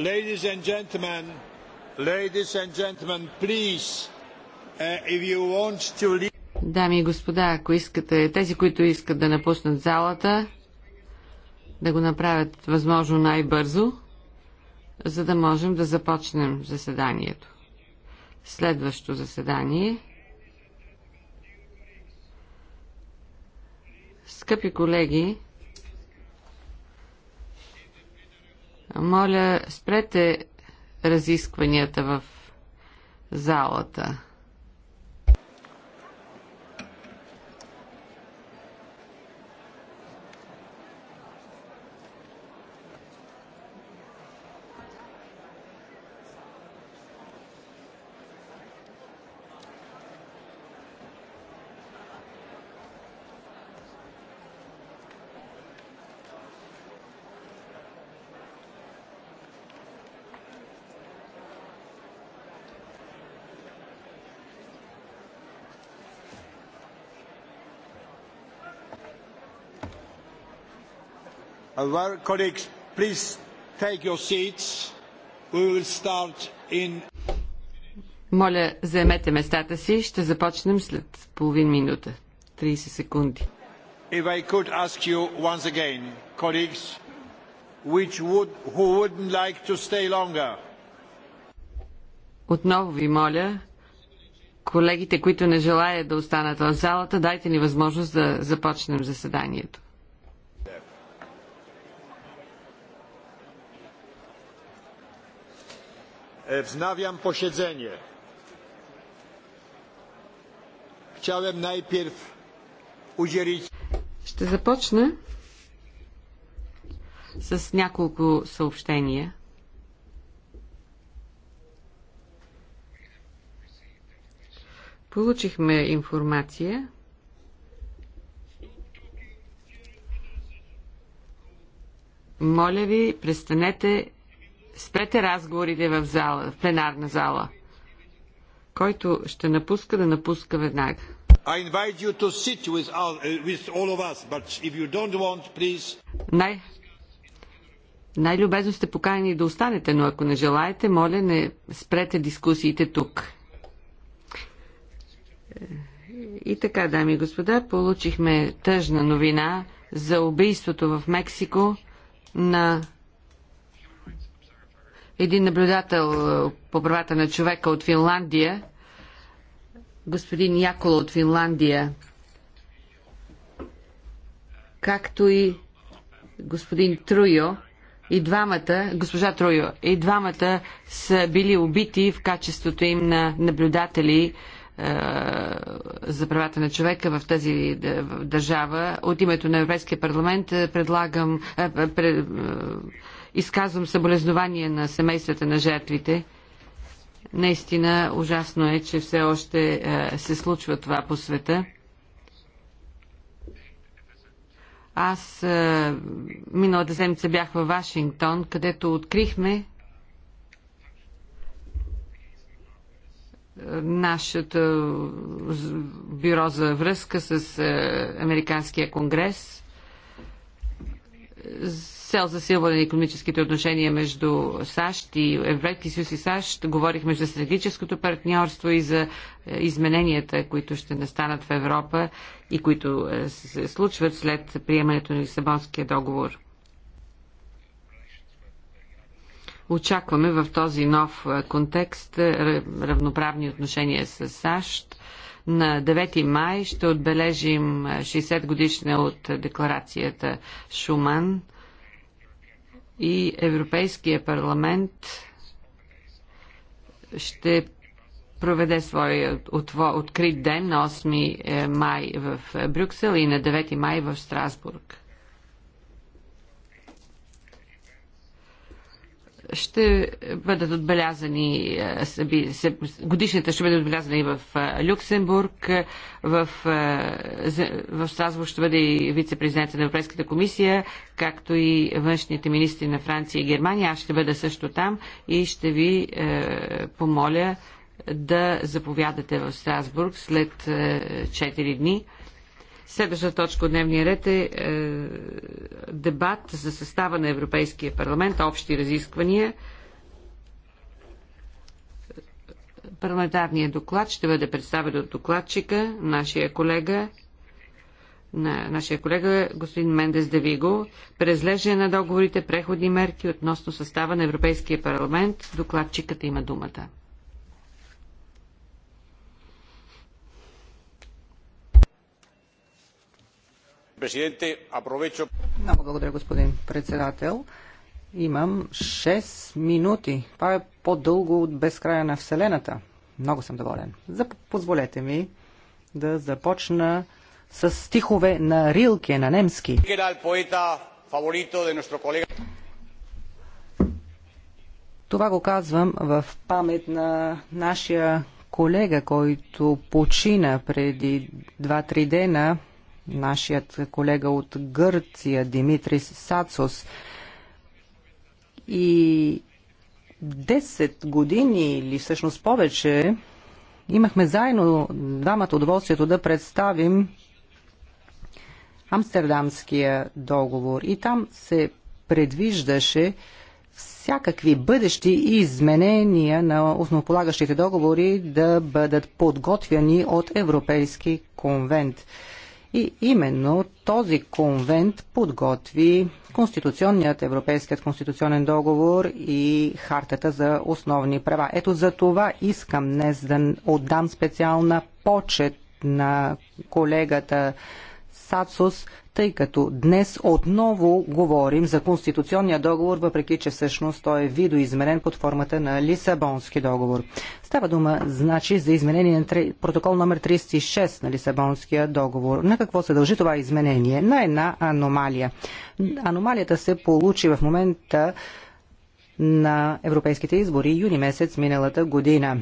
Ladies and gentlemen, ladies and gentlemen, please, uh, if you want to leave... Дами и господа, ако искате, тези, които искат да напуснат залата, да го направят възможно най-бързо, за да можем да започнем заседанието. Следващо заседание. Скъпи колеги, Моля, спрете разискванията в залата. Colleagues, please take your seats. We will start in... Моля, заемете местата си. Ще започнем след половин минута. 30 секунди. If I could ask you once again, colleagues, which would, who wouldn't like to stay longer? Отново ви моля, колегите, които не желаят да останат в залата, дайте ни възможност да започнем заседанието. E, wznawiam posiedzenie. Chciałem najpierw udzielić. Ще започна с няколко съобщения. Получихме информация моля ви, престанете спрете разговорите в, зала, в пленарна зала. Който ще напуска, да напуска веднага. Uh, Най... Най-любезно сте поканени да останете, но ако не желаете, моля, не спрете дискусиите тук. И така, дами и господа, получихме тъжна новина за убийството в Мексико на един наблюдател е, по правата на човека от Финландия, господин Якола от Финландия, както и господин Труйо, и двамата, госпожа Труйо, и двамата са били убити в качеството им на наблюдатели е, за правата на човека в тази е, държава. От името на Европейския парламент предлагам, пред, изказвам съболезнование на семействата на жертвите. Наистина ужасно е, че все още е, се случва това по света. Аз е, миналата седмица бях във Вашингтон, където открихме е, нашето бюро за връзка с Американския конгрес цел засилване на економическите отношения между САЩ и Европейски съюз и САЩ. Говорихме за стратегическото партньорство и за е, измененията, които ще настанат в Европа и които е, се случват след приемането на Лисабонския договор. Очакваме в този нов е, контекст равноправни отношения с САЩ. На 9 май ще отбележим 60 годишна от декларацията Шуман – и Европейския парламент ще проведе своя открит ден на 8 е, май в Брюксел и на 9 май в Страсбург. ще бъдат отбелязани е, годишните ще бъдат отбелязани в е, Люксембург, е, в, в Страсбург ще бъде и вице президентът на Европейската комисия, както и външните министри на Франция и Германия. Аз ще бъда също там и ще ви помоля да заповядате в Страсбург след 4 дни. Следващата точка от дневния ред е, е дебат за състава на Европейския парламент, общи разисквания. Парламентарният доклад ще бъде представен от докладчика, нашия колега, на нашия колега господин Мендес Девиго, Презлежение на договорите, преходни мерки относно състава на Европейския парламент. Докладчиката има думата. Много благодаря, господин председател. Имам 6 минути. Това е по-дълго от безкрая на Вселената. Много съм доволен. Позволете ми да започна с стихове на Рилке на немски. Това го казвам в памет на нашия колега, който почина преди 2-3 дена нашият колега от Гърция Димитрис Сацос. И 10 години или всъщност повече имахме заедно двамата удоволствието да представим Амстердамския договор. И там се предвиждаше всякакви бъдещи изменения на основополагащите договори да бъдат подготвяни от Европейски конвент. И именно този конвент подготви Конституционният Европейският конституционен договор и Хартата за основни права. Ето за това искам днес да отдам специална почет на колегата САЦОС, тъй като днес отново говорим за конституционния договор, въпреки че всъщност той е видоизменен под формата на Лисабонски договор. Става дума, значи, за изменение на протокол номер 36 на Лисабонския договор. На какво се дължи това изменение? На една аномалия. Аномалията се получи в момента на европейските избори юни месец миналата година.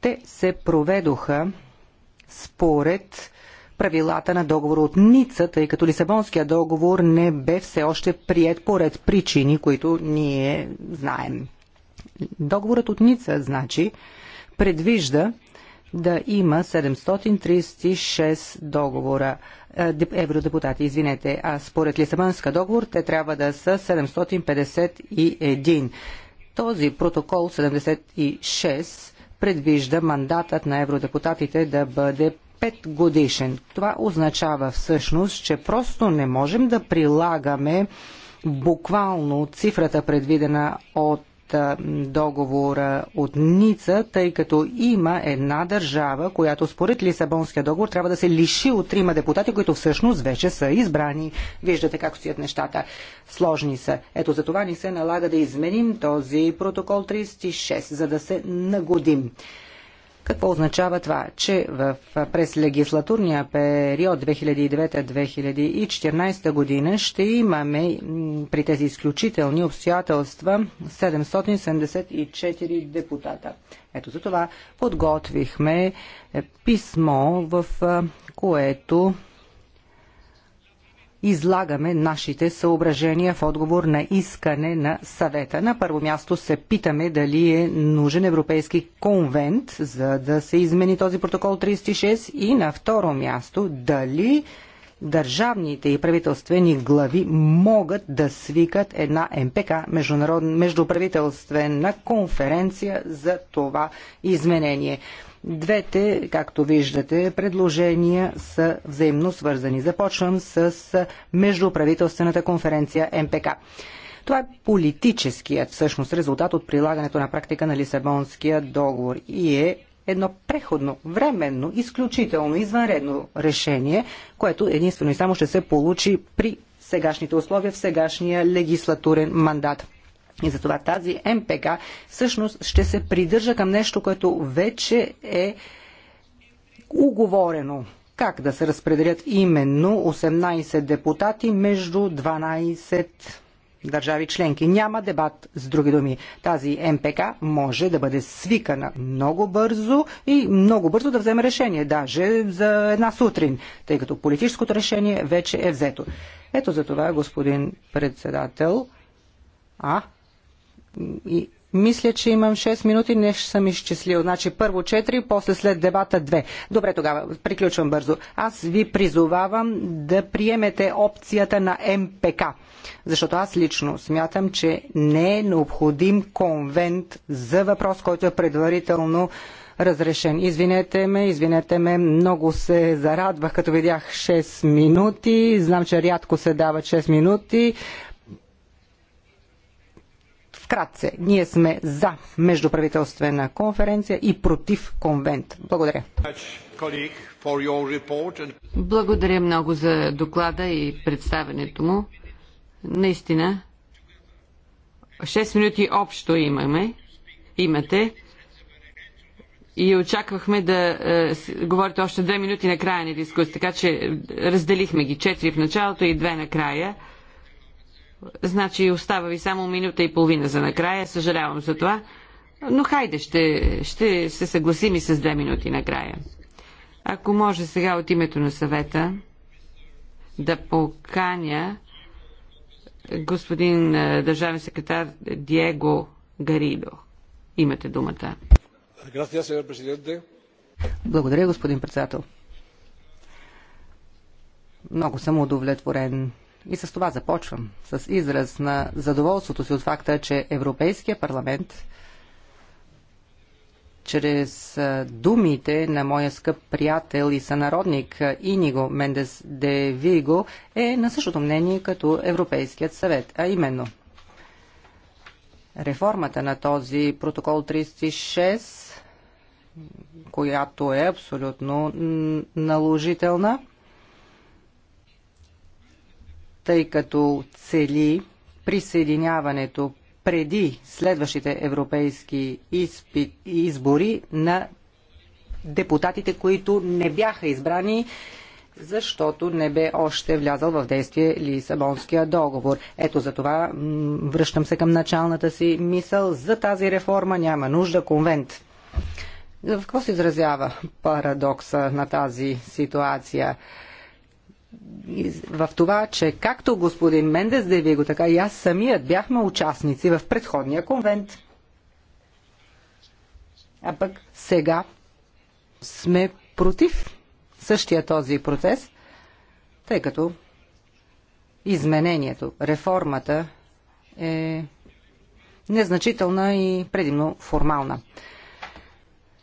Те се проведоха според правилата на договора от Ница, тъй като Лисабонския договор не бе все още прият поред причини, които ние знаем. Договорът от Ница, значи, предвижда да има 736 договора, е, евродепутати, извинете, а според Лисабонска договор те трябва да са 751. Този протокол 76 предвижда мандатът на евродепутатите да бъде 5 годишен. Това означава всъщност, че просто не можем да прилагаме буквално цифрата предвидена от договора от Ница, тъй като има една държава, която според Лисабонския договор трябва да се лиши от трима депутати, които всъщност вече са избрани. Виждате как стоят нещата. Сложни са. Ето за това ни се налага да изменим този протокол 36, за да се нагодим. Какво означава това? Че в, през легислатурния период 2009-2014 година ще имаме при тези изключителни обстоятелства 774 депутата. Ето за това подготвихме е, писмо, в е, което излагаме нашите съображения в отговор на искане на съвета. На първо място се питаме дали е нужен европейски конвент, за да се измени този протокол 36 и на второ място дали държавните и правителствени глави могат да свикат една МПК, междуправителствена конференция за това изменение. Двете, както виждате, предложения са взаимно свързани. Започвам с Междуправителствената конференция МПК. Това е политическият всъщност резултат от прилагането на практика на Лисабонския договор и е едно преходно, временно, изключително, извънредно решение, което единствено и само ще се получи при сегашните условия в сегашния легислатурен мандат. И затова тази МПК всъщност ще се придържа към нещо, което вече е уговорено как да се разпределят именно 18 депутати между 12 държави членки. Няма дебат с други думи. Тази МПК може да бъде свикана много бързо и много бързо да вземе решение, даже за една сутрин, тъй като политическото решение вече е взето. Ето за това, господин председател. А, и, мисля, че имам 6 минути, не съм изчислил. Значи първо 4, после след дебата 2. Добре, тогава приключвам бързо. Аз ви призовавам да приемете опцията на МПК. Защото аз лично смятам, че не е необходим конвент за въпрос, който е предварително разрешен. Извинете ме, извинете ме, много се зарадвах, като видях 6 минути. Знам, че рядко се дава 6 минути. Вкратце, ние сме за междуправителствена конференция и против конвент. Благодаря. Благодаря много за доклада и представенето му. Наистина, 6 минути общо имаме. Имате и очаквахме да е, говорите още две минути на края на дискусията, така че разделихме ги 4 в началото и две на края. Значи остава ви само минута и половина за накрая. Съжалявам за това. Но хайде, ще, ще се съгласим и с две минути накрая. Ако може сега от името на съвета да поканя господин е, държавен секретар Диего Гаридо. Имате думата. Благодаря, господин председател. Много съм удовлетворен и с това започвам. С израз на задоволството си от факта, че Европейския парламент чрез думите на моя скъп приятел и сънародник Иниго Мендес де Виго е на същото мнение като Европейският съвет, а именно реформата на този протокол 36, която е абсолютно наложителна – тъй като цели присъединяването преди следващите европейски избори на депутатите, които не бяха избрани, защото не бе още влязал в действие Лисабонския договор. Ето за това връщам се към началната си мисъл. За тази реформа няма нужда конвент. В какво се изразява парадокса на тази ситуация? в това, че както господин Мендес да ви го така и аз самият бяхме участници в предходния конвент. А пък сега сме против същия този процес, тъй като изменението, реформата е незначителна и предимно формална.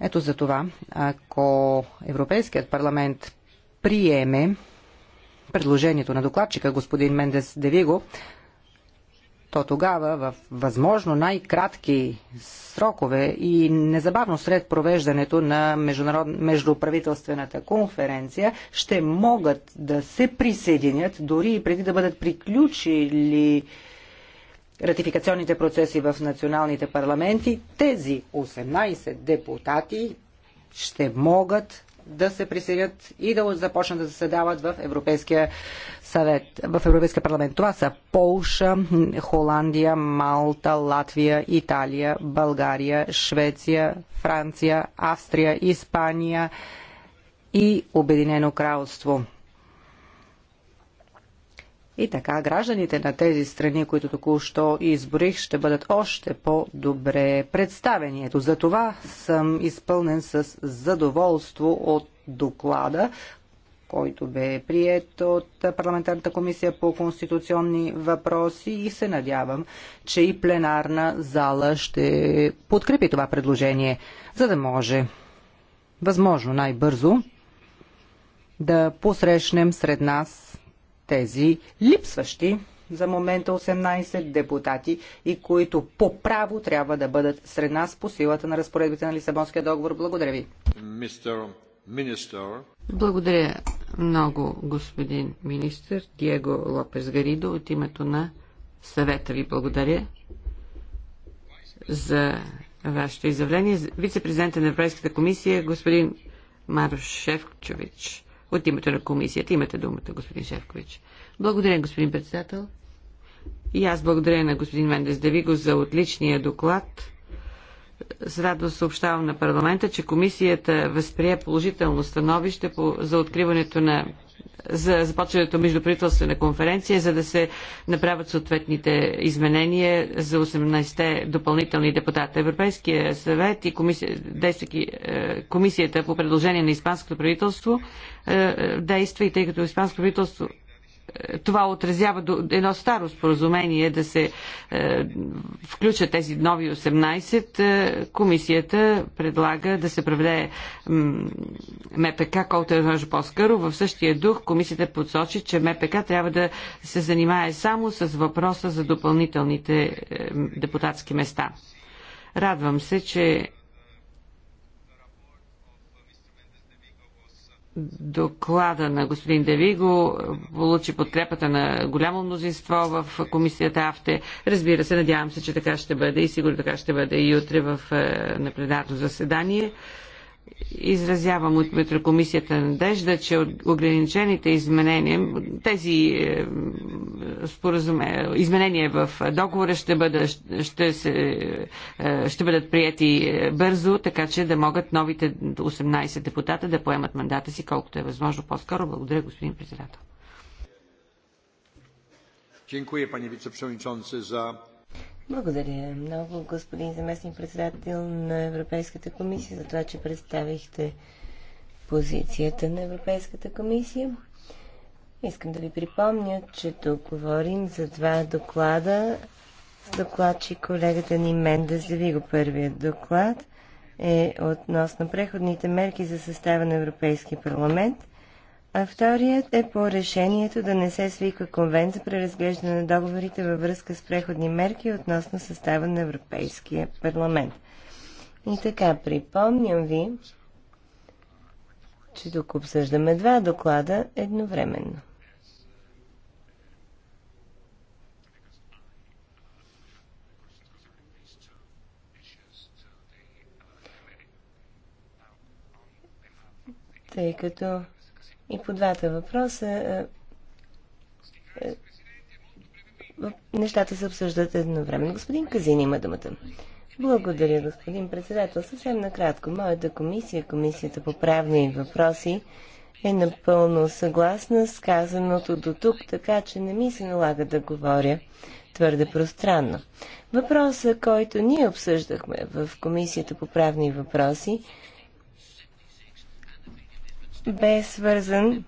Ето за това, ако Европейският парламент приеме предложението на докладчика господин Мендес Девиго, то тогава в възможно най-кратки срокове и незабавно след провеждането на международ... междуправителствената конференция ще могат да се присъединят дори и преди да бъдат приключили ратификационните процеси в националните парламенти, тези 18 депутати ще могат да се присъединят и да започнат да заседават в Европейския съвет, в Европейския парламент. Това са Полша, Холандия, Малта, Латвия, Италия, България, Швеция, Франция, Австрия, Испания и Обединено кралство. И така гражданите на тези страни, които току-що изборих, ще бъдат още по-добре представени. Ето за това съм изпълнен с задоволство от доклада, който бе прият от Парламентарната комисия по конституционни въпроси и се надявам, че и пленарна зала ще подкрепи това предложение, за да може възможно най-бързо да посрещнем сред нас тези липсващи за момента 18 депутати и които по право трябва да бъдат сред нас по силата на разпоредбите на Лисабонския договор. Благодаря ви. Благодаря много, господин министр Диего Лопес Гаридо. От името на съвета ви благодаря за вашето изявление. вице президент на Европейската комисия, господин Марош Шефчович от името на комисията. Имате думата, господин Шефкович. Благодаря, господин председател. И аз благодаря на господин Мендес Давиго за отличния доклад с радост съобщавам на парламента, че комисията възприе положително становище по, за откриването на за започването междуправителствена конференция, за да се направят съответните изменения за 18-те допълнителни депутата. Европейския съвет и комисия, действайки, е, комисията по предложение на Испанското правителство е, действа и тъй като Испанското правителство това отразява до едно старо споразумение да се е, включат тези нови 18. Е, комисията предлага да се преведе МПК колкото е възможно по-скоро. В същия дух комисията подсочи, че МПК трябва да се занимае само с въпроса за допълнителните е, депутатски места. Радвам се, че доклада на господин Давиго получи подкрепата на голямо мнозинство в комисията АФТЕ. Разбира се, надявам се, че така ще бъде и сигурно така ще бъде и утре в, е, на пленарно заседание. Изразявам от Метрокомисията надежда, че от ограничените изменения, тези е, споразуме, изменения в договора ще, бъда, ще, се, е, ще бъдат прияти е, бързо, така че да могат новите 18 депутата да поемат мандата си колкото е възможно по-скоро. Благодаря, господин председател. Dziękuję, panie wiceprzewodniczący, za благодаря много, господин заместник председател на Европейската комисия, за това, че представихте позицията на Европейската комисия. Искам да ви припомня, че тук говорим за два доклада с докладчик колегата ни Мендес да ви го първият доклад е относно преходните мерки за състава на Европейския парламент а вторият е по решението да не се свика конвент за преразглеждане на договорите във връзка с преходни мерки относно състава на Европейския парламент. И така, припомням ви, че тук обсъждаме два доклада едновременно. Тъй като и по двата въпроса е, е, нещата се обсъждат едновременно. Господин Казин има думата. Благодаря, господин председател. Съвсем накратко, моята комисия, комисията по правни въпроси, е напълно съгласна с казаното до тук, така че не ми се налага да говоря твърде пространно. Въпросът, който ние обсъждахме в комисията по правни въпроси, бе свързан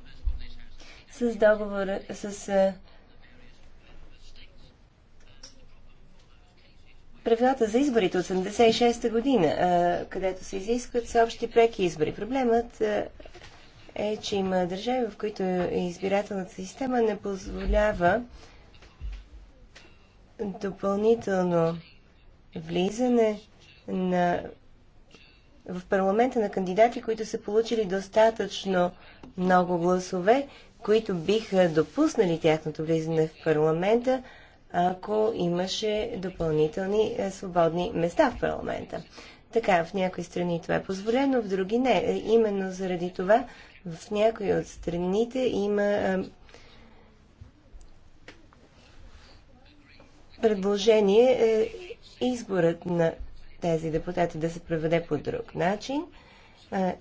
с договора, с а, правилата за изборите от 86-та година, а, където се изискват съобщи преки избори. Проблемът а, е, че има държави, в които избирателната система не позволява допълнително влизане на в парламента на кандидати, които са получили достатъчно много гласове, които биха допуснали тяхното влизане в парламента, ако имаше допълнителни е, свободни места в парламента. Така, в някои страни това е позволено, в други не. Е, именно заради това в някои от страните има е, предложение изборът на тези депутати да се преведе по друг начин.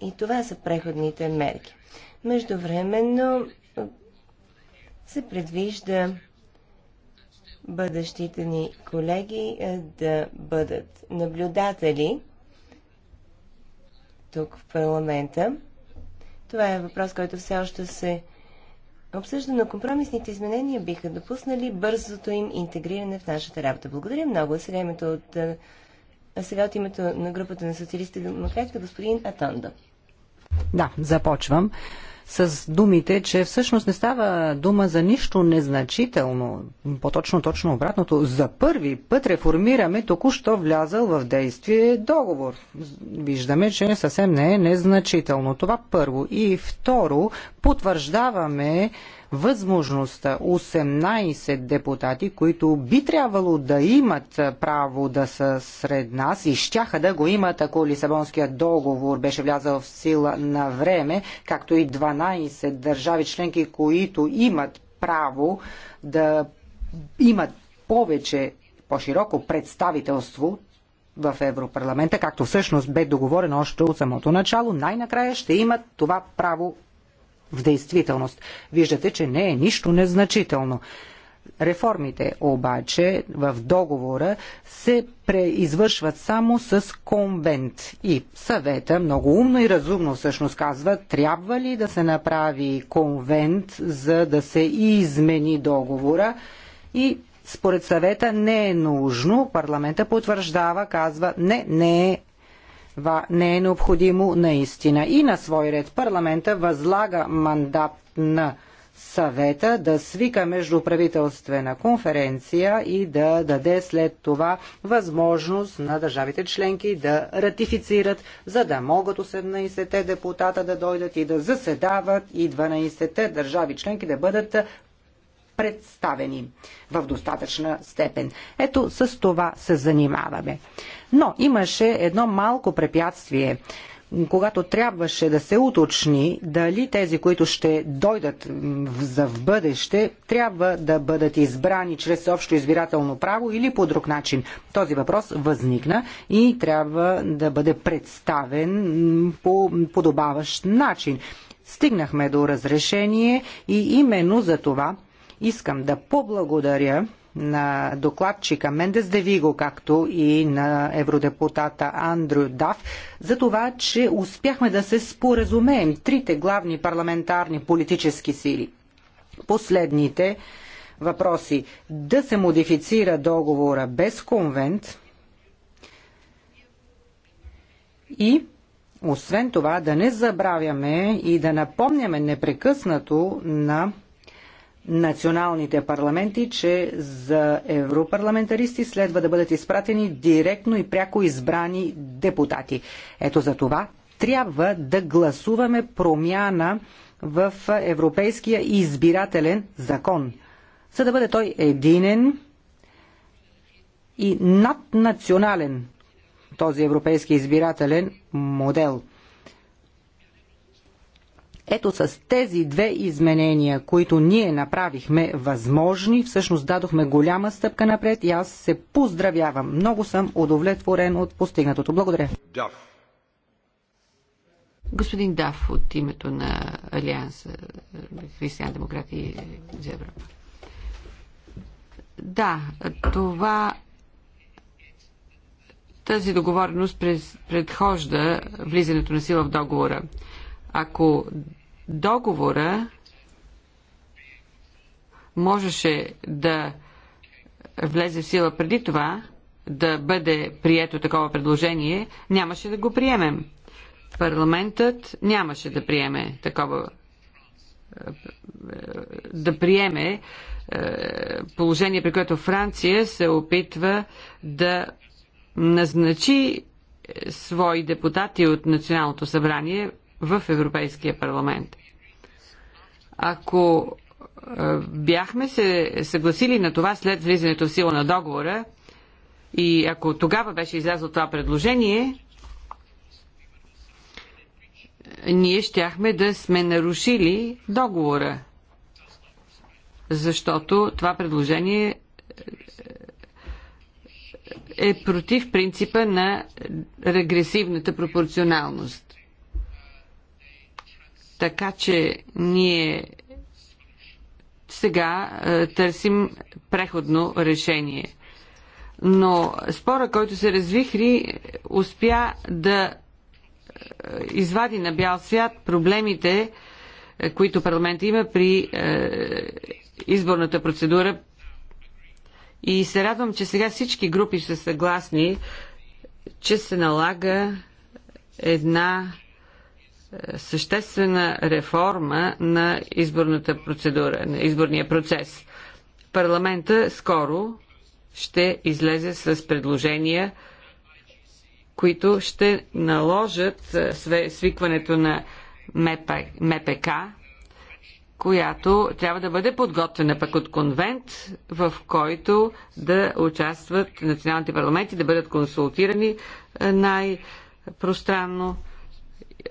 И това са преходните мерки. Междувременно се предвижда бъдещите ни колеги да бъдат наблюдатели тук в парламента. Това е въпрос, който все още се обсъжда, но компромисните изменения биха допуснали бързото им интегриране в нашата работа. Благодаря много. Сега името от а сега от името на групата на социалистите и демократите, господин Атанда. Да, започвам с думите, че всъщност не става дума за нищо незначително, по-точно точно обратното. За първи път реформираме току-що влязъл в действие договор. Виждаме, че съвсем не е незначително. Това първо. И второ, потвърждаваме възможността 18 депутати, които би трябвало да имат право да са сред нас и щяха да го имат, ако Лисабонският договор беше влязал в сила на време, както и 12 държави членки, които имат право да имат повече, по-широко представителство в Европарламента, както всъщност бе договорено още от самото начало, най-накрая ще имат това право в действителност. Виждате, че не е нищо незначително. Реформите обаче в договора се преизвършват само с конвент и съвета много умно и разумно всъщност казва трябва ли да се направи конвент за да се измени договора и според съвета не е нужно, парламента потвърждава, казва не, не е това не е необходимо наистина. И на свой ред парламента възлага мандат на съвета да свика междуправителствена конференция и да даде след това възможност на държавите членки да ратифицират, за да могат 18-те депутата да дойдат и да заседават и 12-те държави членки да бъдат представени в достатъчна степен. Ето с това се занимаваме. Но имаше едно малко препятствие когато трябваше да се уточни дали тези, които ще дойдат за в бъдеще, трябва да бъдат избрани чрез общо избирателно право или по друг начин. Този въпрос възникна и трябва да бъде представен по подобаващ начин. Стигнахме до разрешение и именно за това Искам да поблагодаря на докладчика Мендес Девиго, както и на евродепутата Андрю Даф, за това, че успяхме да се споразумеем трите главни парламентарни политически сили. Последните въпроси да се модифицира договора без конвент и освен това да не забравяме и да напомняме непрекъснато на националните парламенти, че за европарламентаристи следва да бъдат изпратени директно и пряко избрани депутати. Ето за това трябва да гласуваме промяна в Европейския избирателен закон, за да бъде той единен и наднационален този европейски избирателен модел. Ето с тези две изменения, които ние направихме възможни, всъщност дадохме голяма стъпка напред и аз се поздравявам. Много съм удовлетворен от постигнатото. Благодаря. Дав. Господин Дав от името на Алианса Християн-демократи за Европа. Да, това тази договореност предхожда влизането на сила в договора. Ако договора можеше да влезе в сила преди това, да бъде прието такова предложение, нямаше да го приемем. Парламентът нямаше да приеме такова е, да приеме е, положение, при което Франция се опитва да назначи свои депутати от Националното събрание в Европейския парламент. Ако е, бяхме се съгласили на това след влизането в сила на договора и ако тогава беше излязло това предложение, ние щяхме да сме нарушили договора. Защото това предложение е, е против принципа на регресивната пропорционалност. Така че ние сега а, е, търсим преходно решение. Но спора, който се развихри, успя да е, извади на бял свят проблемите, е, които парламент има при е, изборната процедура. И се радвам, че сега всички групи са съгласни, че се налага една съществена реформа на изборната процедура, на изборния процес. Парламента скоро ще излезе с предложения, които ще наложат е, свикването на МПК, която трябва да бъде подготвена пък от конвент, в който да участват националните парламенти, да бъдат консултирани е, най-пространно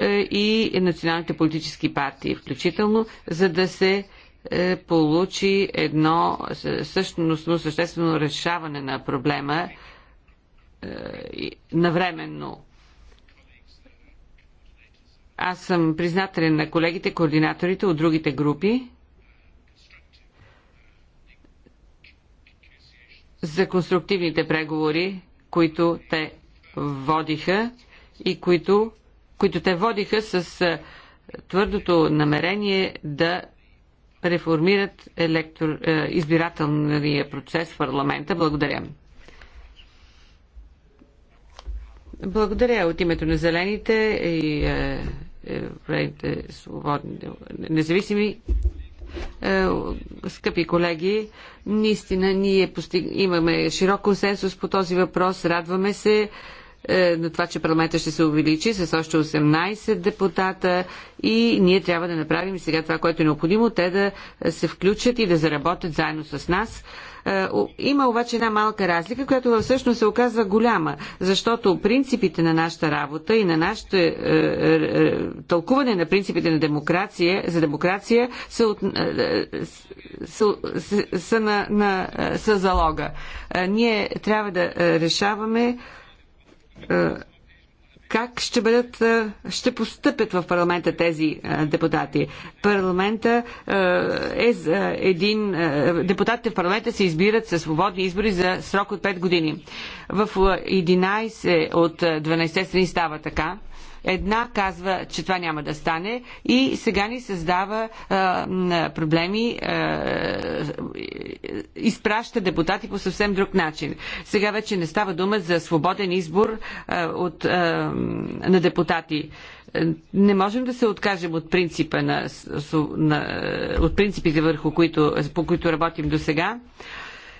е, и националните политически партии, включително, за да се е, получи едно същностно съществено решаване на проблема е, навременно. Аз съм признателен на колегите, координаторите от другите групи за конструктивните преговори, които те водиха и които които те водиха с твърдото намерение да реформират електор, избирателния процес в парламента. Благодаря. Благодаря от името на Зелените и е, е, свободни, независими. Е, скъпи колеги, наистина ние постиг... имаме широк консенсус по този въпрос, радваме се. Е, е, на това, че парламента ще се увеличи с още 18 депутата и ние трябва да направим сега това, което е необходимо, те да се включат и да заработят заедно с нас. Е, има обаче една малка разлика, която всъщност се оказва голяма, защото принципите на нашата работа и на нашето е, е, е, тълкуване на принципите на демокрация, за демокрация са, от, е, са, са, са, на, на, са залога. Ние трябва да решаваме е, как ще бъдат, е, ще постъпят в парламента тези е, депутати. Парламента е един, депутатите в парламента се избират със свободни избори за срок от 5 години. В 11 от 12 страни става така. Една казва, че това няма да стане и сега ни създава а, проблеми, а, изпраща депутати по съвсем друг начин. Сега вече не става дума за свободен избор а, от, а, на депутати не можем да се откажем от принципа на, на от принципите върху които, по които работим до сега.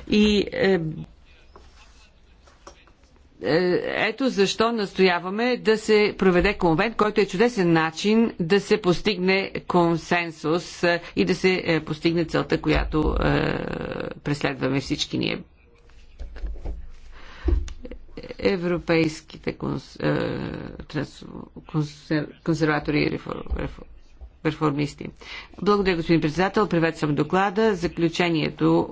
И е, е, ето защо настояваме да се проведе конвент, който е чудесен начин да се постигне консенсус е, и да се е, постигне целта, която преследваме всички ние. Европейските консерватори и реформи реформисти. Благодаря, господин председател. Приветствам доклада. Заключението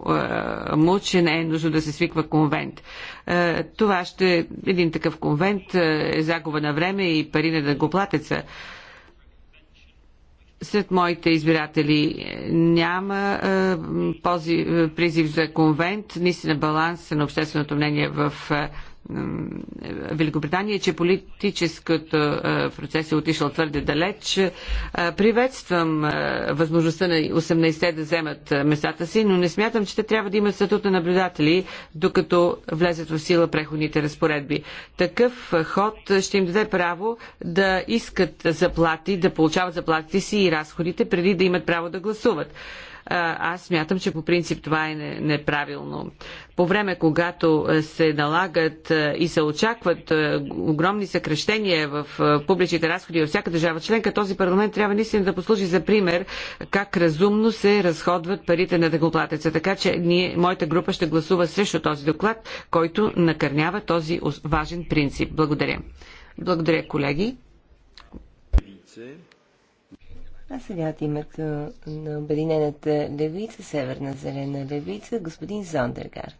е, му, че не е нужно да се свиква конвент. Е, това ще един такъв конвент е, е загуба на време и пари на дъгоплатеца сред моите избиратели е, няма е, пози, е, призив за конвент. нистина баланс на общественото мнение в е, Великобритания, че политическото е, процес е отишъл твърде далеч. Е, приветствам е, възможността на 18-те да вземат местата си, но не смятам, че те трябва да имат статут на наблюдатели, докато влезат в сила преходните разпоредби. Такъв ход ще им даде право да искат заплати, да получават заплатите си и разходите, преди да имат право да гласуват аз смятам, че по принцип това е неправилно. По време, когато се налагат и се очакват огромни съкрещения в публичните разходи във всяка държава членка, този парламент трябва наистина да послужи за пример как разумно се разходват парите на дъглоплатеца. Така че ние, моята група ще гласува срещу този доклад, който накърнява този важен принцип. Благодаря. Благодаря, колеги. А сега от името на Обединената левица, Северна зелена левица, господин Зондергард.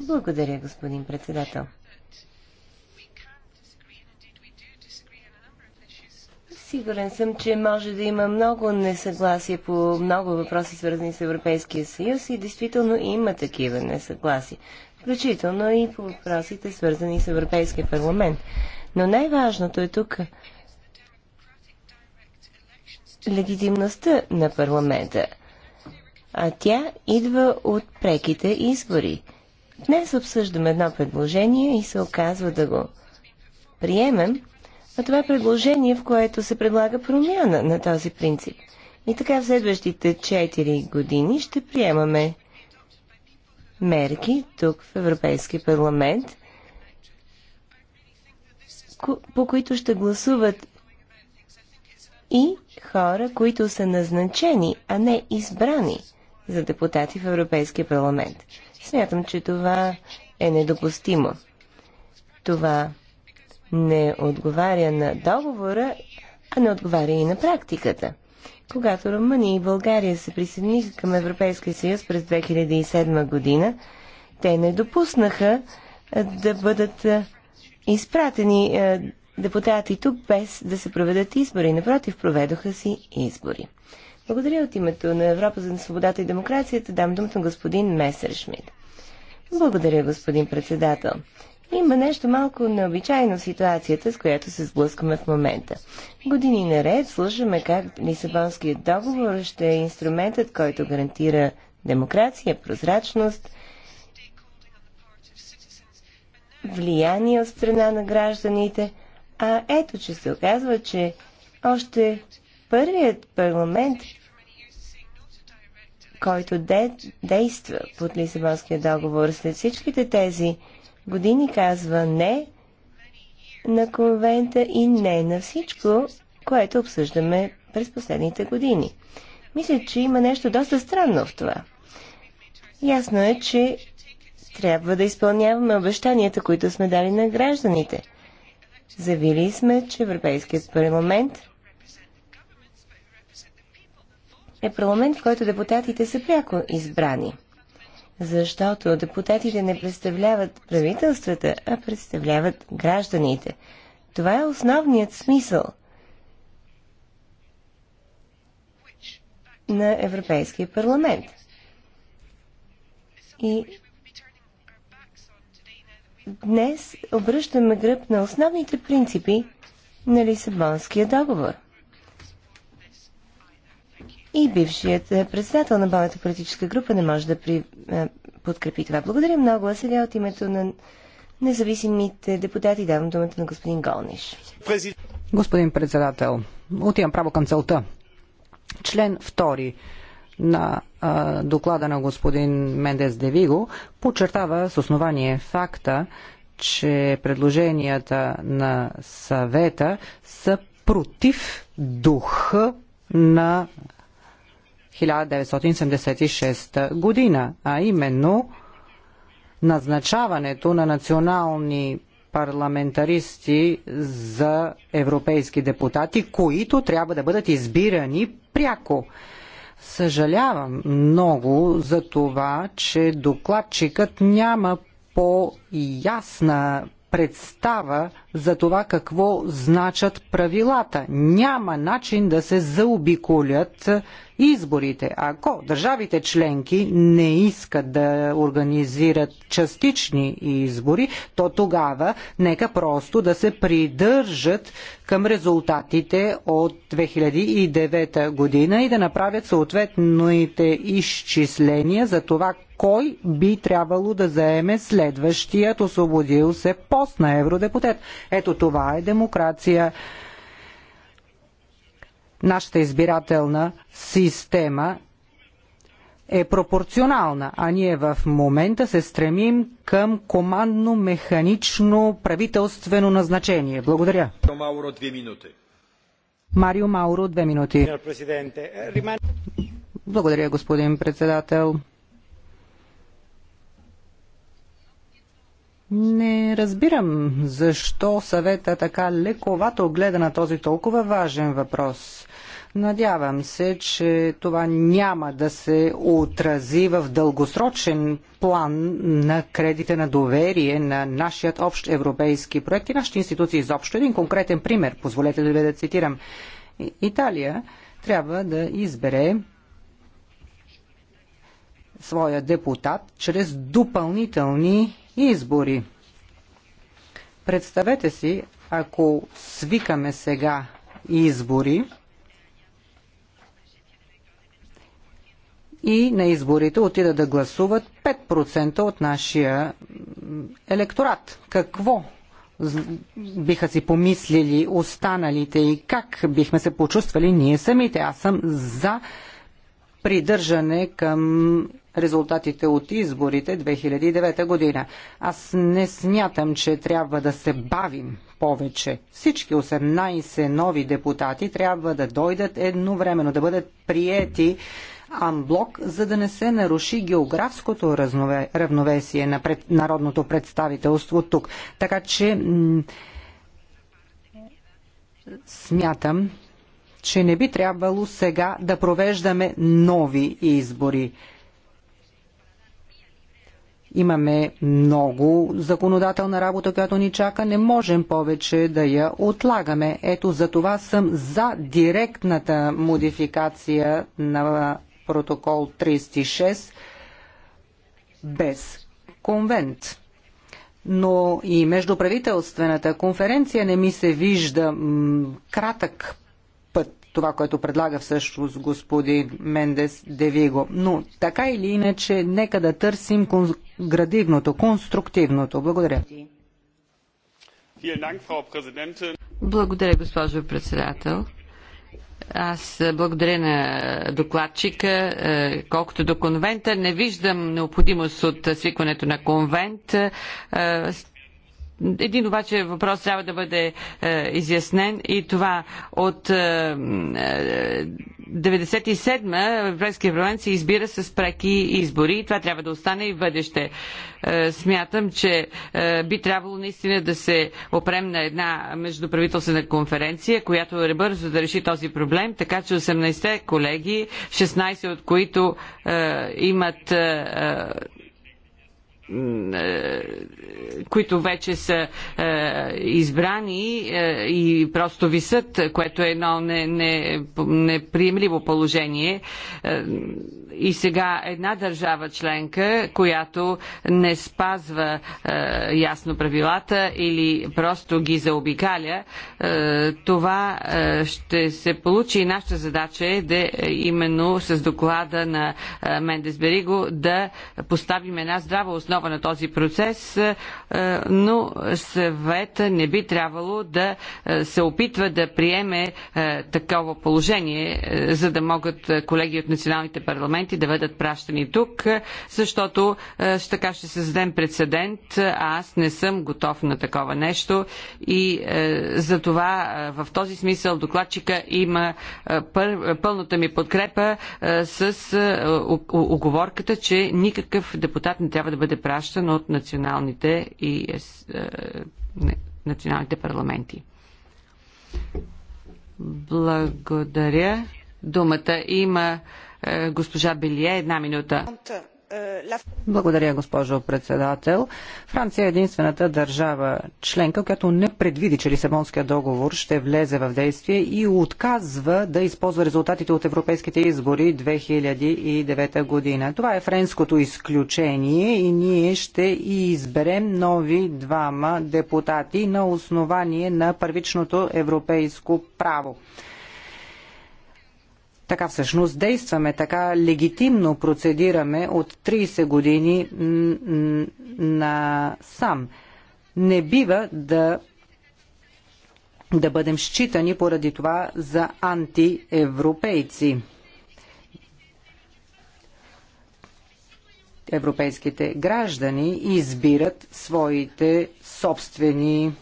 Благодаря, господин председател. Сигурен съм, че може да има много несъгласия по много въпроси, свързани с Европейския съюз и действително има такива несъгласия, включително и по въпросите, свързани с Европейския парламент. Но най-важното е тук легитимността на парламента. А тя идва от преките избори. Днес обсъждаме едно предложение и се оказва да го приемем, а това е предложение, в което се предлага промяна на този принцип. И така в следващите 4 години ще приемаме мерки тук в Европейски парламент, по които ще гласуват и хора, които са назначени, а не избрани за депутати в Европейския парламент. Смятам, че това е недопустимо. Това не отговаря на договора, а не отговаря и на практиката. Когато Румъния и България се присъединиха към Европейския съюз през 2007 година, те не допуснаха да бъдат изпратени е, депутати тук без да се проведат избори. Напротив, проведоха си избори. Благодаря от името на Европа за свободата и демокрацията. Дам думата на господин Шмид. Благодаря, господин председател. Има нещо малко необичайно в ситуацията, с която се сблъскаме в момента. Години наред слушаме как Лисабонският договор ще е инструментът, който гарантира демокрация, прозрачност – влияние от страна на гражданите, а ето, че се оказва, че още първият парламент, който де, действа под Лисабонския договор след всичките тези години, казва не на конвента и не на всичко, което обсъждаме през последните години. Мисля, че има нещо доста странно в това. Ясно е, че трябва да изпълняваме обещанията, които сме дали на гражданите. Завили сме, че Европейският парламент е парламент, в който депутатите са пряко избрани. Защото депутатите не представляват правителствата, а представляват гражданите. Това е основният смисъл на Европейския парламент. И Днес обръщаме гръб на основните принципи на Лисабонския договор. И бившият е, председател на бойната политическа група не може да при, е, подкрепи това. Благодаря много. А сега от името на независимите депутати давам думата на господин Голниш. Господин председател, отивам право към целта. Член втори на а, доклада на господин Мендес Девиго подчертава с основание факта, че предложенията на съвета са против духа на 1976 година, а именно назначаването на национални парламентаристи за европейски депутати, които трябва да бъдат избирани пряко. Съжалявам много за това, че докладчикът няма по-ясна представа за това какво значат правилата. Няма начин да се заобиколят изборите. Ако държавите членки не искат да организират частични избори, то тогава нека просто да се придържат към резултатите от 2009 година и да направят съответните изчисления за това кой би трябвало да заеме следващият освободил се пост на евродепутет. Ето това е демокрация. Нашата избирателна система е пропорционална, а ние в момента се стремим към командно-механично правителствено назначение. Благодаря. Мауро, две минути. Марио Мауро, две минути. Благодаря, господин председател. Не разбирам защо съвета така лековато гледа на този толкова важен въпрос. Надявам се, че това няма да се отрази в дългосрочен план на кредите на доверие на нашият общ европейски проект и нашите институции изобщо. Един конкретен пример, позволете да ви да цитирам. Италия трябва да избере своя депутат чрез допълнителни избори. Представете си, ако свикаме сега избори и на изборите отидат да гласуват 5% от нашия електорат. Какво биха си помислили останалите и как бихме се почувствали ние самите? Аз съм за придържане към резултатите от изборите 2009 година. Аз не смятам, че трябва да се бавим повече. Всички 18 нови депутати трябва да дойдат едновременно, да бъдат приети амблок, за да не се наруши географското равновесие на пред, народното представителство тук. Така че смятам, че не би трябвало сега да провеждаме нови избори. Имаме много законодателна работа, която ни чака. Не можем повече да я отлагаме. Ето за това съм за директната модификация на протокол 36 без конвент. Но и междуправителствената конференция не ми се вижда кратък това, което предлага всъщност господин Мендес Девиго. Но така или иначе, нека да търсим градивното, конструктивното. Благодаря. Благодаря, госпожо председател. Аз е, благодаря на докладчика. Е, колкото до конвента, не виждам необходимост от свикването на конвент. Е, един обаче въпрос трябва да бъде е, изяснен и това от е, 97-ма е, Европейския парламент се избира с преки избори и това трябва да остане и в бъдеще. Е, смятам, че е, би трябвало наистина да се опрем на една междуправителствена конференция, която е бързо да реши този проблем, така че 18-те колеги, 16 от които е, имат е, е е, които вече са е, избрани е, и просто висът, което е едно не, не, неприемливо положение. Е, и сега една държава членка, която не спазва е, ясно правилата или просто ги заобикаля, е, това е, ще се получи и нашата задача е да е, именно с доклада на е, Мендес Бериго да поставим една здрава основа основа на този процес, е, е, но съвета не би трябвало да е, се опитва да приеме такова положение, за да могат колеги от националните парламенти да бъдат пращани тук, защото така ще създадем прецедент, а аз не съм готов на такова нещо и за това в този смисъл докладчика има пълната ми подкрепа с оговорката, че никакъв депутат не трябва да бъде препращан от националните и е, е, не, националните парламенти. Благодаря. Думата има е, госпожа Белие. Една минута. Благодаря, госпожо председател. Франция е единствената държава членка, която не предвиди, че Лисабонския договор ще влезе в действие и отказва да използва резултатите от европейските избори 2009 година. Това е френското изключение и ние ще изберем нови двама депутати на основание на първичното европейско право. Така всъщност действаме, така легитимно процедираме от 30 години на сам. Не бива да, да бъдем считани поради това за антиевропейци. Европейските граждани избират своите собствени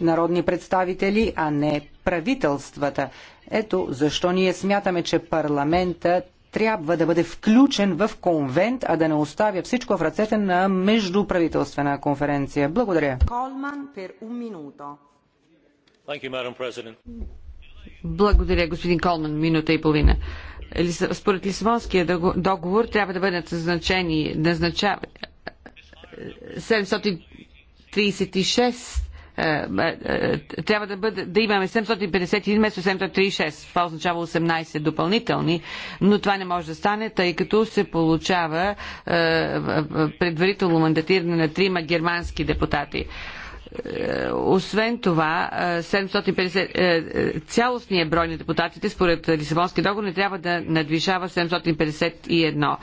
народни представители, а не правителствата. Ето защо ние смятаме, че парламента трябва да бъде включен в конвент, а да не оставя всичко в ръцете на междуправителствена конференция. Благодаря. Благодаря, господин Колман. Минута и половина. Според Лисабонския договор трябва да бъдат назначени, назначава 736 е, е, е, трябва да, бъде, да имаме 751 вместо 736. Това означава 18 допълнителни, но това не може да стане, тъй като се получава предварително мандатиране на трима германски депутати. Е, освен това, 750, е, е, цялостния брой на депутатите според Лисабонски договор не трябва да надвижава 751.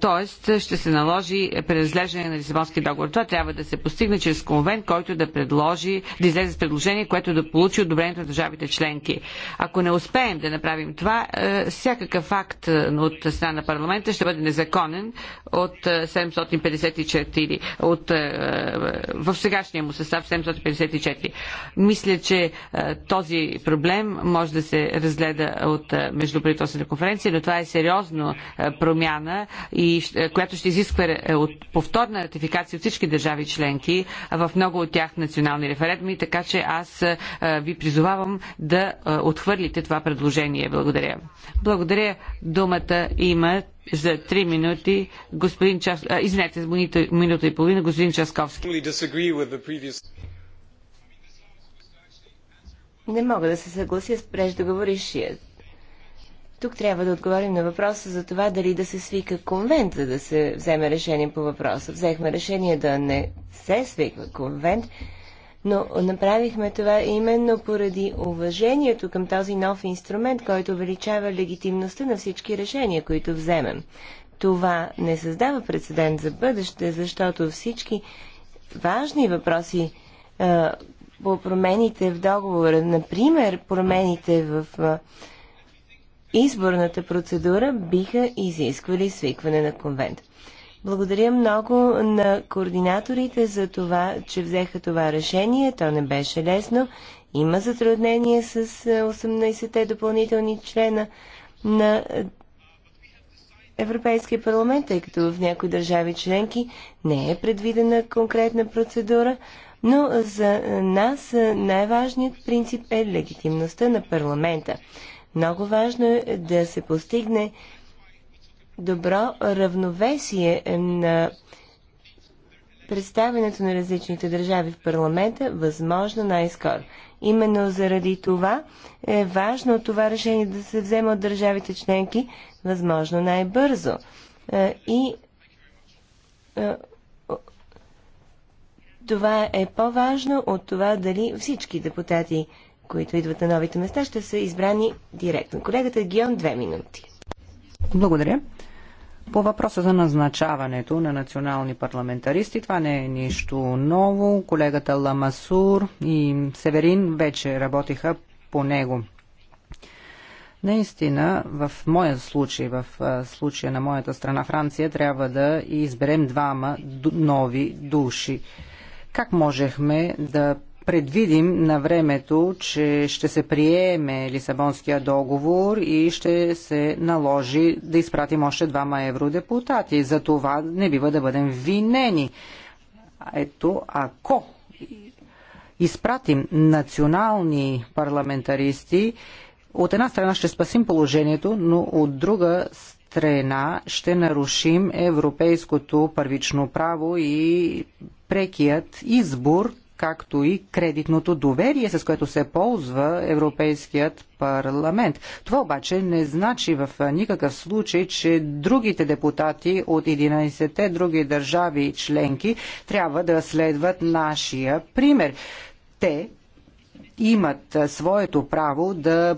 Тоест ще се наложи преразглеждане на Лисабонски договор. Това трябва да се постигне чрез конвент, който да предложи, да излезе с предложение, което да получи одобрението на държавите членки. Ако не успеем да направим това, всякакъв факт от страна на парламента ще бъде незаконен от 754 от, в сегашния му състав състав 754. Мисля, че е, този проблем може да се разгледа от е, междуправителствената конференция, но това е сериозна е, промяна, и, която ще изисква от повторна ратификация от всички държави членки в много от тях национални референдуми, така че аз ви призовавам да отхвърлите това предложение. Благодаря. Благодаря. Думата имат за три минути господин Час... А, извинете, минута и половина господин Часковски. Не мога да се съглася с преждоговорившият. Тук трябва да отговорим на въпроса за това дали да се свика конвент, за да се вземе решение по въпроса. Взехме решение да не се свиква конвент, но направихме това именно поради уважението към този нов инструмент, който увеличава легитимността на всички решения, които вземем. Това не създава прецедент за бъдеще, защото всички важни въпроси а, по промените в договора, например промените в а, изборната процедура, биха изисквали свикване на конвент. Благодаря много на координаторите за това, че взеха това решение. То не беше лесно. Има затруднение с 18-те е, допълнителни члена на е, Европейския парламент, тъй като в някои държави членки не е предвидена конкретна процедура, но за нас е, най-важният принцип е легитимността на парламента. Много важно е да се постигне добро равновесие на представянето на различните държави в парламента, възможно най-скоро. Именно заради това е важно това решение да се взема от държавите членки, възможно най-бързо. Е, и е, това е по-важно от това дали всички депутати, които идват на новите места, ще са избрани директно. Колегата Гион, две минути. Благодаря. По въпроса за назначаването на национални парламентаристи, това не е нищо ново. Колегата Ламасур и Северин вече работиха по него. Наистина, в моя случай, в случая на моята страна Франция, трябва да изберем двама нови души. Как можехме да предвидим на времето, че ще се приеме Лисабонския договор и ще се наложи да изпратим още двама евродепутати. За това не бива да бъдем винени. Ето, ако изпратим национални парламентаристи, от една страна ще спасим положението, но от друга страна ще нарушим европейското първично право и прекият избор както и кредитното доверие, с което се ползва Европейският парламент. Това обаче не значи в никакъв случай, че другите депутати от 11-те други държави членки трябва да следват нашия пример. Те имат своето право да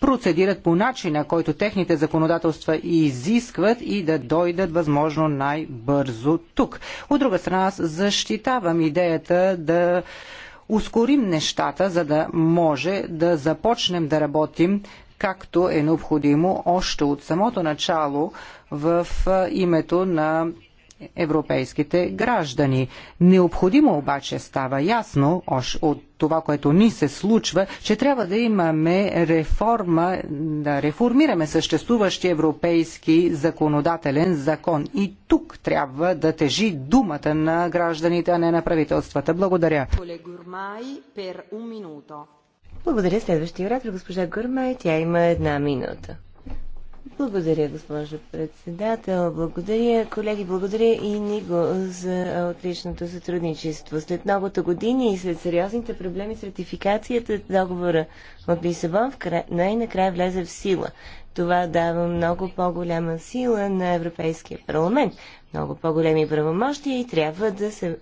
процедират по начина, който техните законодателства изискват и да дойдат възможно най-бързо тук. От друга страна, аз защитавам идеята да ускорим нещата, за да може да започнем да работим както е необходимо още от самото начало в името на европейските граждани. Необходимо обаче става ясно още от това, което ни се случва, че трябва да имаме реформа, да реформираме съществуващия европейски законодателен закон. И тук трябва да тежи думата на гражданите, а не на правителствата. Благодаря. Благодаря. Следващия оратор, госпожа Гърмай, тя има една минута. Благодаря, госпожо председател. Благодаря, колеги. Благодаря и Ниго за отличното сътрудничество. След многото години и след сериозните проблеми с ратификацията договора от Лисабон най-накрая влезе в сила. Това дава много по-голяма сила на Европейския парламент, много по-големи правомощия и трябва да се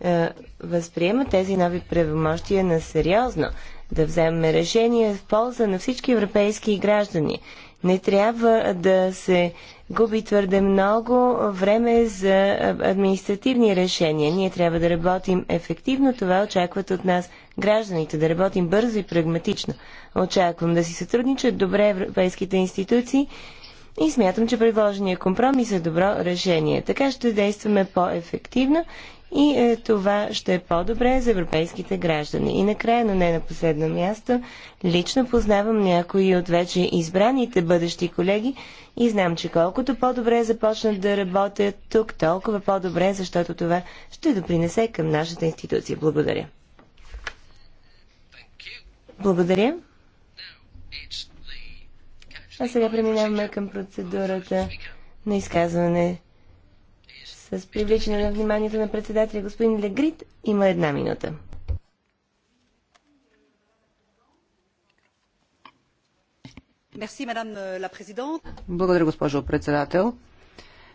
е, възприема тези нови правомощия на сериозно, да вземем решение в полза на всички европейски граждани не трябва да се губи твърде много време за административни решения. Ние трябва да работим ефективно. Това очакват от нас гражданите, да работим бързо и прагматично. Очаквам да си сътрудничат добре европейските институции и смятам, че предложения компромис е добро решение. Така ще действаме по-ефективно и е, това ще е по-добре за европейските граждани. И накрая, но не на последно място, лично познавам някои от вече избраните бъдещи колеги и знам, че колкото по-добре започнат да работят тук, толкова по-добре, защото това ще допринесе към нашата институция. Благодаря. Благодаря. А сега преминаваме към процедурата на изказване с привличане на вниманието на председателя господин Легрид има една минута. Благодаря, госпожо председател.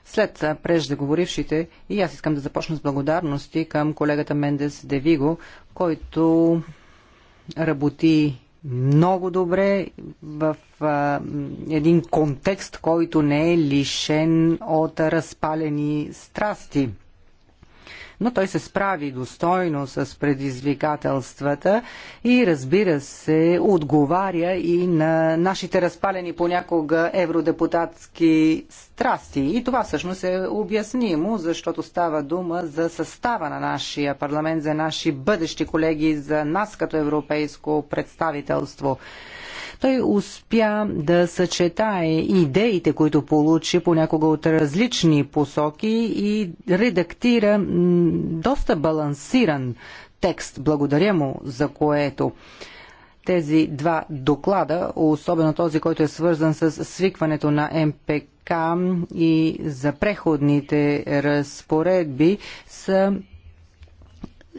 След преждеговорившите и аз искам да започна с благодарности към колегата Мендес Девиго, който работи много добре в а, един контекст, който не е лишен от разпалени страсти но той се справи достойно с предизвикателствата и разбира се, отговаря и на нашите разпалени понякога евродепутатски страсти. И това всъщност е обяснимо, защото става дума за състава на нашия парламент, за наши бъдещи колеги, за нас като европейско представителство. Той успя да съчетае идеите, които получи понякога от различни посоки и редактира доста балансиран текст. Благодаря му за което тези два доклада, особено този, който е свързан с свикването на МПК и за преходните разпоредби, са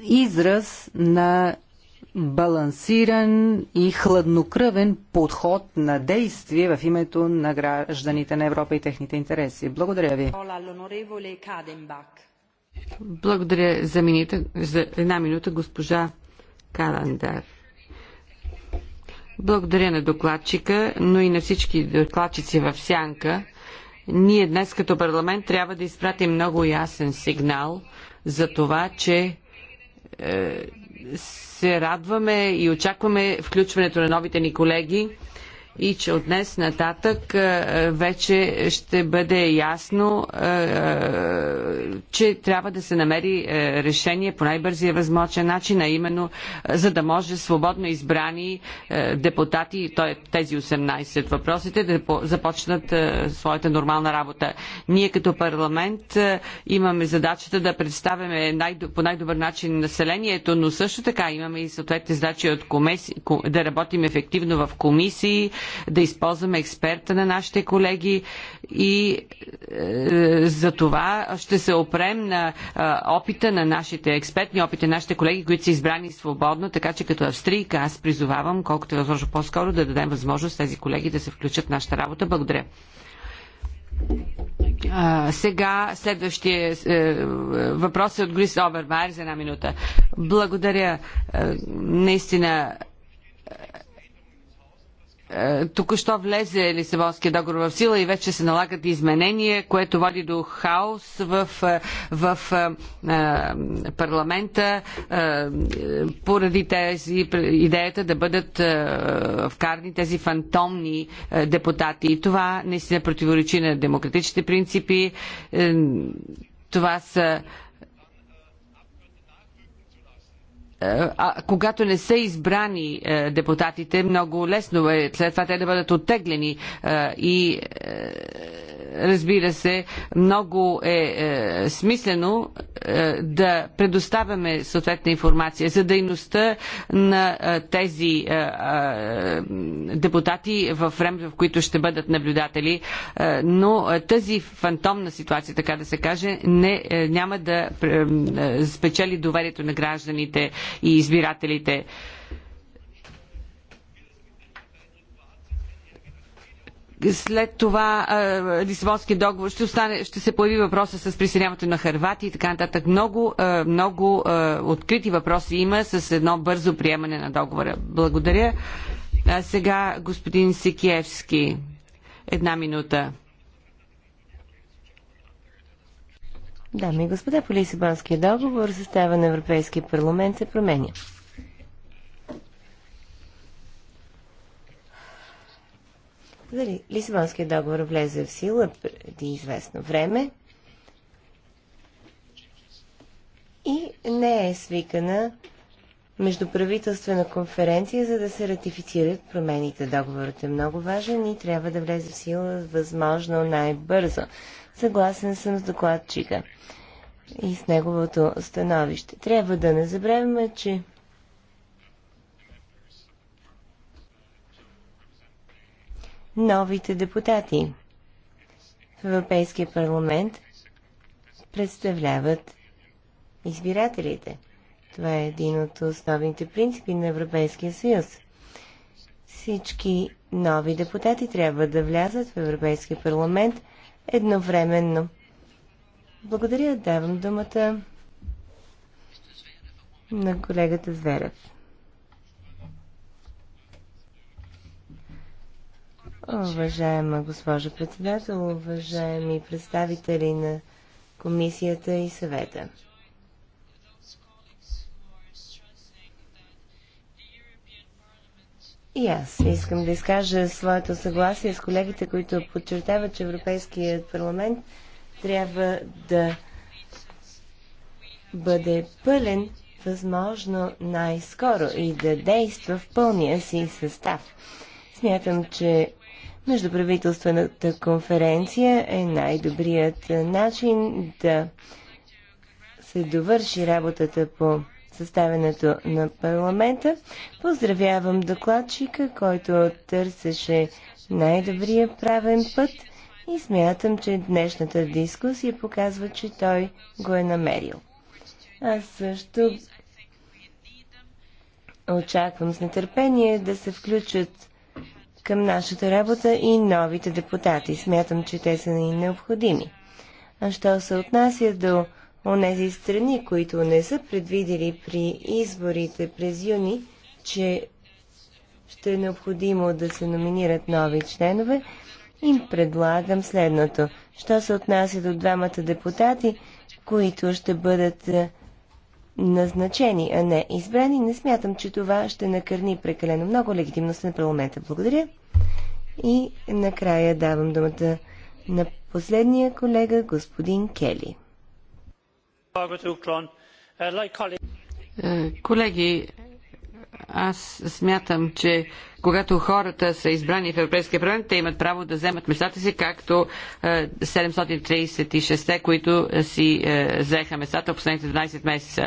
израз на балансиран и хладнокръвен подход на действие в името на гражданите на Европа и техните интереси. Благодаря ви. Благодаря за, минута, за една минута госпожа Календар. Благодаря на докладчика, но и на всички докладчици в Сянка. Ние днес като парламент трябва да изпратим много ясен сигнал за това, че е, се радваме и очакваме включването на новите ни колеги и че от днес нататък е, вече ще бъде ясно, е, е, че трябва да се намери решение по най-бързия възможен начин, а именно за да може свободно избрани депутати, тези 18 въпросите, да започнат своята нормална работа. Ние като парламент имаме задачата да представяме по най-добър начин населението, но също така имаме и съответните задачи от комисии, да работим ефективно в комисии, да използваме експерта на нашите колеги и е, за това ще се опрем на е, опита на нашите експертни опити, на нашите колеги, които са избрани свободно, така че като австрийка аз призовавам, колкото е възможно по-скоро, да дадем възможност тези колеги да се включат в нашата работа. Благодаря. А, сега следващия е, въпрос е от Грис Обермайер за една минута. Благодаря. Е, наистина е, тук що влезе Лисабонския договор в сила и вече се налагат изменения, което води до хаос в, е, в, в е, парламента поради тези идеята да бъдат вкарни тези фантомни депутати. И това наистина противоречи на демократичните принципи. Това са Е, а, когато не са избрани е, депутатите, много лесно е след това те да бъдат оттеглени е, и разбира се, много е, е смислено е, да предоставяме съответна информация за дейността на е, тези е, е, депутати в времето, в които ще бъдат наблюдатели, е, но е, тази фантомна ситуация, така да се каже, не, е, няма да е, е, спечели доверието на гражданите и избирателите. след това Лисабонския договор ще, остане, ще се появи въпроса с присъединяването на Харватия и така нататък. Много, много открити въпроси има с едно бързо приемане на договора. Благодаря. А сега господин Сикиевски. Една минута. Дами и господа, по Лисабонския договор състава на Европейския парламент се променя. Дали Лисабонския договор влезе в сила преди известно време и не е свикана междуправителствена конференция, за да се ратифицират промените. Договорът е много важен и трябва да влезе в сила възможно най-бързо. Съгласен съм с докладчика и с неговото становище. Трябва да не забравяме, че новите депутати в Европейския парламент представляват избирателите. Това е един от основните принципи на Европейския съюз. Всички нови депутати трябва да влязат в Европейския парламент едновременно. Благодаря, давам думата на колегата Зверев. Уважаема госпожа председател, уважаеми представители на комисията и съвета. И аз искам да изкажа своето съгласие с колегите, които подчертават, че Европейският парламент трябва да бъде пълен възможно най-скоро и да действа в пълния си състав. Смятам, че Междуправителствената конференция е най-добрият начин да се довърши работата по съставянето на парламента. Поздравявам докладчика, който търсеше най-добрия правен път и смятам, че днешната дискусия показва, че той го е намерил. Аз също очаквам с нетърпение да се включат към нашата работа и новите депутати. Смятам, че те са ни необходими. А що се отнася до онези страни, които не са предвидели при изборите през юни, че ще е необходимо да се номинират нови членове, им предлагам следното. Що се отнася до двамата депутати, които ще бъдат е, назначени, а не избрани. Не смятам, че това ще накърни прекалено много легитимност на парламента. Благодаря. И накрая давам думата на последния колега, господин Кели. Колеги, аз смятам, че когато хората са избрани в Европейския парламент, те имат право да вземат местата си, както 736-те, е, които си взеха е, местата в последните 12 месеца.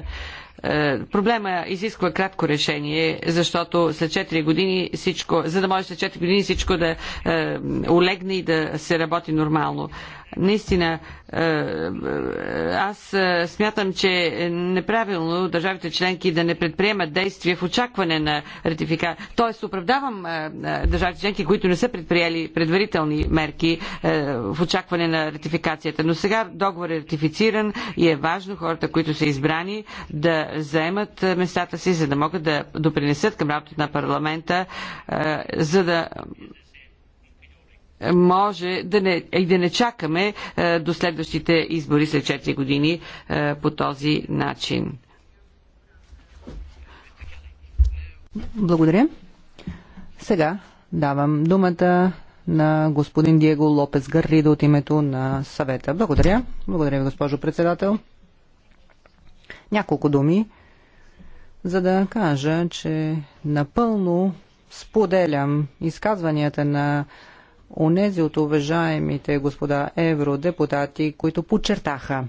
Е, проблема изисква кратко решение, защото след 4 години всичко, за да може след 4 години всичко да е, улегне и да се работи нормално. Наистина, е, е, аз е, смятам, че е неправилно държавите членки да не предприемат действия в очакване на ратификация. Тоест, оправдавам държавите членки, които не са предприели предварителни мерки в очакване на ратификацията. Но сега договор е ратифициран и е важно хората, които са избрани, да заемат местата си, за да могат да допринесат към работата на парламента, за да може да не, и да не чакаме е, до следващите избори след 4 години е, по този начин. Благодаря. Сега давам думата на господин Диего Лопес Гарридо от името на съвета. Благодаря. Благодаря ви, госпожо председател. Няколко думи, за да кажа, че напълно споделям изказванията на онези от уважаемите господа евродепутати, които подчертаха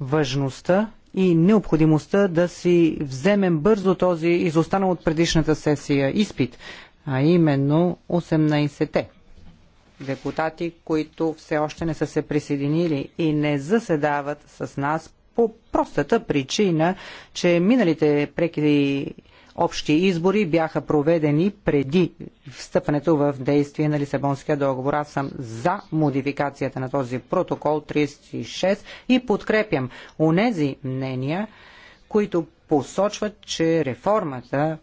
важността и необходимостта да си вземем бързо този изостанал от предишната сесия изпит, а именно 18-те депутати, които все още не са се присъединили и не заседават с нас по простата причина, че миналите преки общи избори бяха проведени преди встъпването в действие на Лисабонския договор. Аз съм за модификацията на този протокол 36 и подкрепям онези мнения, които посочват, че реформата,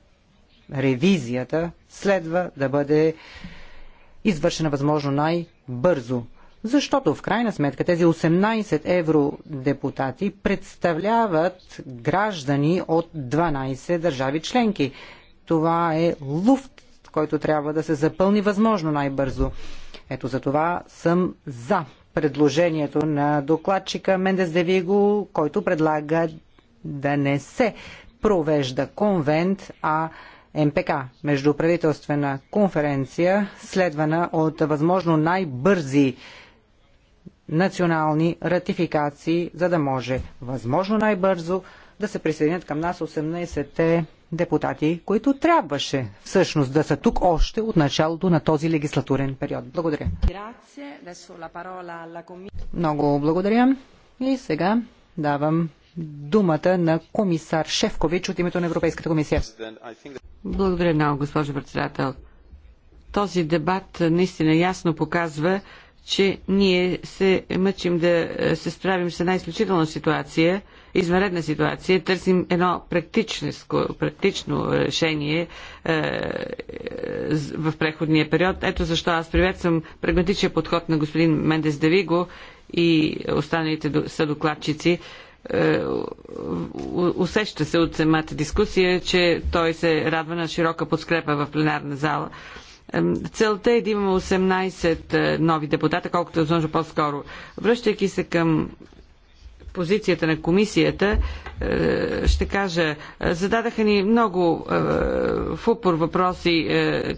ревизията следва да бъде извършена възможно най-бързо. Защото в крайна сметка тези 18 евродепутати представляват граждани от 12 държави членки. Това е луфт, който трябва да се запълни възможно най-бързо. Ето за това съм за предложението на докладчика Мендес Девиго, който предлага да не се провежда конвент, а МПК, междуправителствена конференция, следвана от възможно най-бързи национални ратификации, за да може възможно най-бързо да се присъединят към нас 18-те депутати, които трябваше всъщност да са тук още от началото на този легислатурен период. Благодаря. Много благодаря. И сега давам думата на комисар Шефкович от името на Европейската комисия. Благодаря много, госпожо председател. Този дебат наистина ясно показва, че ние се мъчим да е, се справим с една изключителна ситуация, извънредна ситуация, търсим едно практическо, практично решение е, в преходния период. Ето защо аз приветствам прагматичен подход на господин Мендес Давиго и останалите съдокладчици. Е, усеща се от самата дискусия, че той се радва на широка подскрепа в пленарна зала. Целта е да имаме 18 е, нови депутата, колкото е възможно по-скоро. Връщайки се към позицията на комисията, е, ще кажа, е, зададаха ни много фупор въпроси,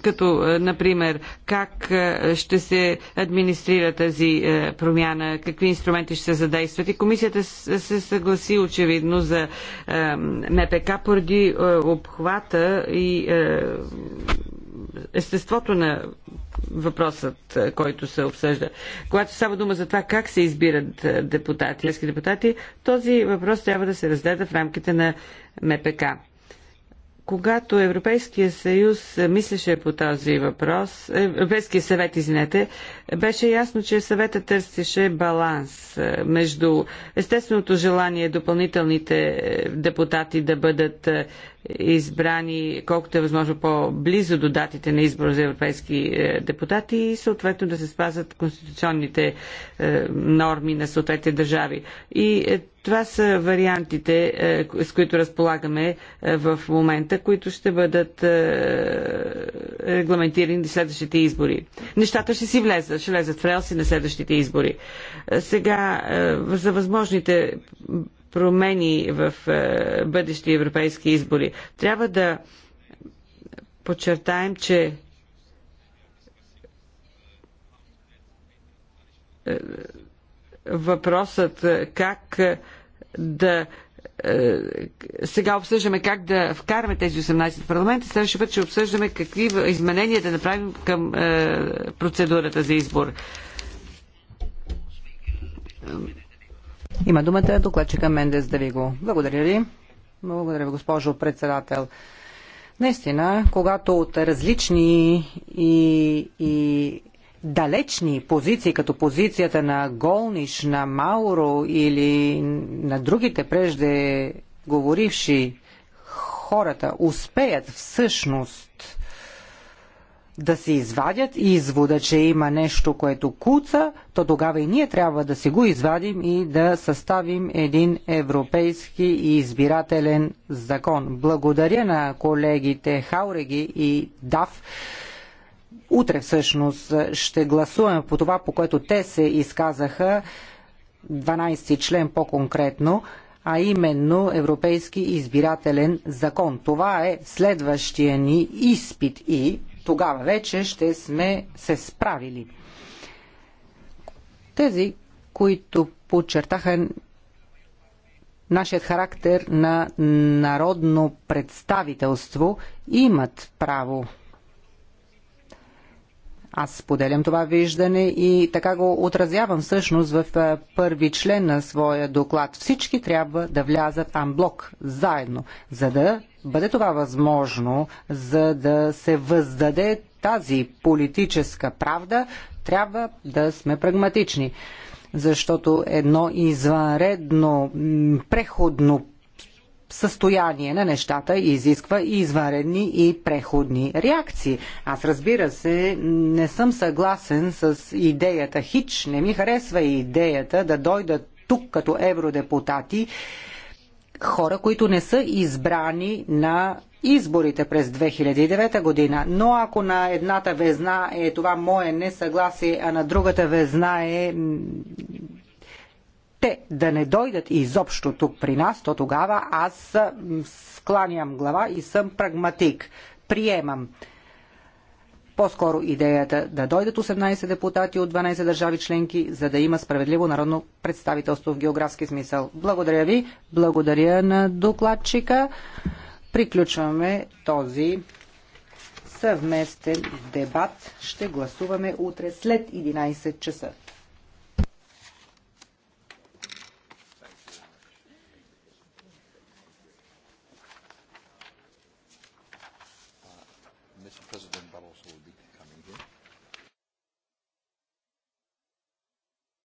като, например, как ще се администрира тази промяна, какви инструменти ще се задействат. И комисията се съгласи очевидно за МПК поради обхвата и естеството на въпросът, е, който се обсъжда. Когато става дума за това как се избират е, депутати, депутати, този въпрос трябва да се разгледа в рамките на МПК. Когато Европейския съюз мислеше по този въпрос, е, Европейския съвет, извинете, беше ясно, че съветът търсеше баланс е, между естественото желание допълнителните е, депутати да бъдат избрани колкото е възможно по-близо до датите на избор за европейски депутати и съответно да се спазват конституционните норми на съответните държави. И това са вариантите, е, с които разполагаме е, в момента, които ще бъдат е, регламентирани на следващите избори. Нещата ще си влезат, ще влезат в релси на следващите избори. Сега за възможните промени в бъдещи европейски избори. Трябва да подчертаем, че въпросът как да е, сега обсъждаме как да вкараме тези 18 в парламента, следващия път ще обсъждаме какви изменения да направим към е, процедурата за избор. Има думата докладчика Мендес да ви го. Благодаря ви. Благодаря ви, госпожо председател. Наистина, когато от различни и, и далечни позиции, като позицията на Голниш, на Мауро или на другите прежде говоривши хората, успеят всъщност да се извадят и извода, че има нещо, което куца, то тогава и ние трябва да си го извадим и да съставим един европейски избирателен закон. Благодаря на колегите Хауреги и Дав утре всъщност ще гласуваме по това, по което те се изказаха, 12 член по-конкретно, а именно Европейски избирателен закон. Това е следващия ни изпит и тогава вече ще сме се справили. Тези, които подчертаха нашият характер на народно представителство, имат право аз споделям това виждане и така го отразявам всъщност в първи член на своя доклад. Всички трябва да влязат анблок заедно, за да бъде това възможно, за да се въздаде тази политическа правда, трябва да сме прагматични. Защото едно извънредно преходно състояние на нещата изисква и извънредни и преходни реакции. Аз разбира се, не съм съгласен с идеята хич, не ми харесва и идеята да дойдат тук като евродепутати хора, които не са избрани на изборите през 2009 година. Но ако на едната везна е това мое несъгласие, а на другата везна е те да не дойдат изобщо тук при нас, то тогава аз скланям глава и съм прагматик. Приемам по-скоро идеята да дойдат 18 депутати от 12 държави членки, за да има справедливо народно представителство в географски смисъл. Благодаря ви, благодаря на докладчика. Приключваме този съвместен дебат. Ще гласуваме утре след 11 часа.